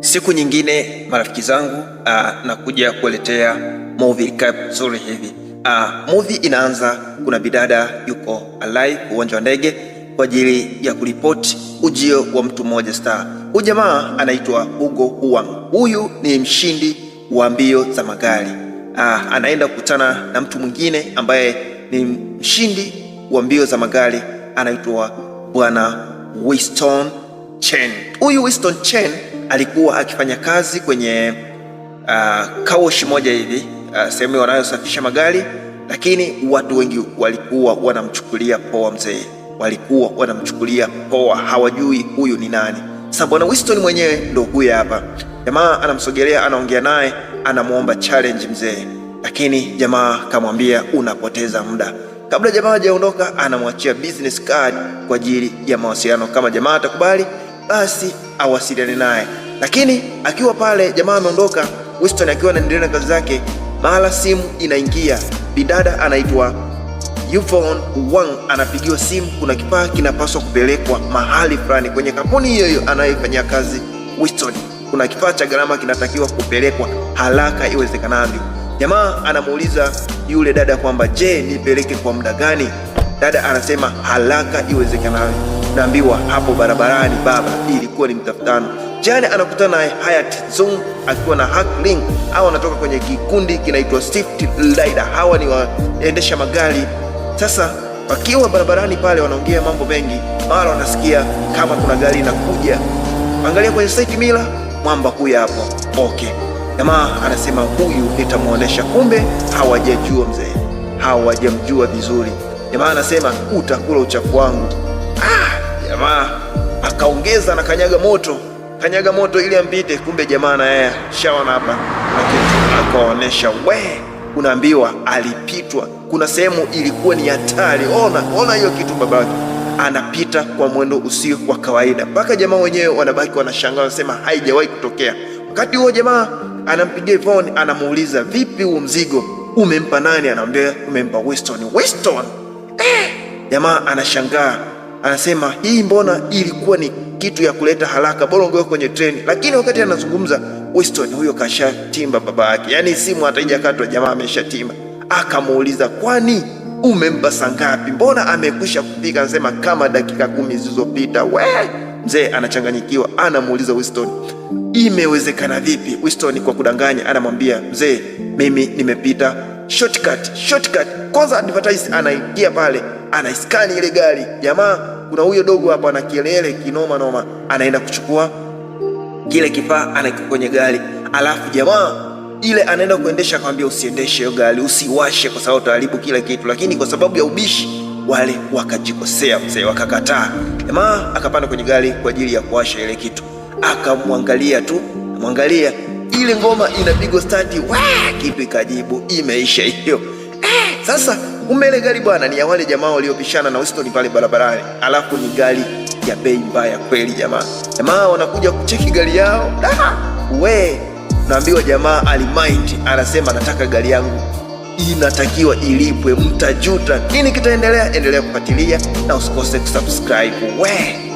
Siku nyingine marafiki zangu, ah, nakuja kueletea movie recap nzuri hivi. Ah, movie inaanza, kuna bidada yuko alai uwanja wa ndege kwa ajili ya kuripoti ujio wa mtu mmoja star. Huyu jamaa anaitwa Hugo Huang, huyu ni mshindi wa mbio za magari. Ah, anaenda kukutana na mtu mwingine ambaye ni mshindi wa mbio za magari, anaitwa bwana Winston Chen. Huyu Winston Chen alikuwa akifanya kazi kwenye uh, ah, kawoshi moja hivi uh, sehemu wanayosafisha magari, lakini watu wengi walikuwa wanamchukulia poa mzee, walikuwa wanamchukulia poa, hawajui huyu ni nani. Sasa bwana Winston mwenyewe ndo huyu hapa, jamaa anamsogelea, anaongea naye, anamwomba challenge mzee, lakini jamaa kamwambia unapoteza muda. Kabla jamaa hajaondoka, anamwachia business card kwa ajili ya mawasiliano, kama jamaa atakubali basi awasiliane naye. Lakini akiwa pale jamaa ameondoka, Winston akiwa anaendelea na kazi zake, mara simu inaingia, bidada anaitwa Yvonne Wang anapigiwa simu, kuna kifaa kinapaswa kupelekwa mahali fulani kwenye kampuni hiyo hiyo anayofanyia kazi Winston. Kuna kifaa cha gharama kinatakiwa kupelekwa haraka iwezekanavyo. Jamaa anamuuliza yule dada kwamba je, nipeleke kwa muda gani? Dada anasema haraka iwezekanavyo naambiwa hapo barabarani, baba, hii ilikuwa ni mtafutano. Jane anakutana na Hayat Zung akiwa na Hak au anatoka kwenye kikundi kinaitwa Swift Rider. Hawa ni waendesha magari. Sasa wakiwa barabarani pale, wanaongea mambo mengi, mara wanasikia kama kuna gari inakuja. Angalia kwenye site mila mwamba huyu hapo. Okay, jamaa anasema huyu nitamwonesha. Kumbe hawajajua mzee, hawajamjua vizuri. Jamaa anasema utakula uchafu wangu. Jamaa akaongeza na kanyaga moto, kanyaga moto ili ampite. Kumbe jamaa na yeye shaona hapa lakini akaonesha, we unaambiwa alipitwa. Kuna sehemu ilikuwa ni hatari. Ona, ona hiyo kitu babake anapita kwa mwendo usio wa kawaida, mpaka jamaa wenyewe wanabaki wanashangaa, wanasema haijawahi kutokea. Wakati huo jamaa anampigia phone, anamuuliza vipi, huu mzigo umempa nani? Anamwambia umempa Weston. Weston eh! jamaa anashangaa anasema hii mbona ilikuwa ni kitu ya kuleta haraka, bora ungeweka kwenye treni. Lakini wakati anazungumza Winston huyo kashatimba baba yake, yaani simu hata haijakatwa jamaa ameshatimba. Akamuuliza, kwani umempa saa ngapi? Mbona amekwisha kupiga? Anasema kama dakika kumi zilizopita. We mzee anachanganyikiwa, anamuuliza Winston, imewezekana vipi? Winston kwa kudanganya anamwambia mzee, mimi nimepita shortcut, shortcut. Kwanza advertise anaingia pale, anaiskani ile gari jamaa kuna huyo dogo hapa ana kelele kinoma noma, anaenda kuchukua kile kifaa anaweka kwenye gari, alafu jamaa ile anaenda kuendesha, akamwambia usiendeshe hiyo gari, usiwashe kwa sababu utaharibu kila kitu. Lakini kwa sababu ya ubishi wale wakajikosea mzee, wakakataa. Jamaa akapanda kwenye gari kwa ajili ya kuwasha ile kitu, akamwangalia tu, mwangalia ile ngoma inapigwa stati, wa kitu ikajibu, imeisha hiyo. Eh, sasa Kumbe ile gari bwana ni ya wale jamaa waliopishana na Winston pale barabarani, alafu ni gari ya bei mbaya kweli. Jamaa jamaa wanakuja kucheki gari yao we naambiwa jamaa alimind, anasema anataka gari yangu inatakiwa ilipwe, mtajuta. Nini kitaendelea? Endelea kufuatilia na usikose kusubscribe we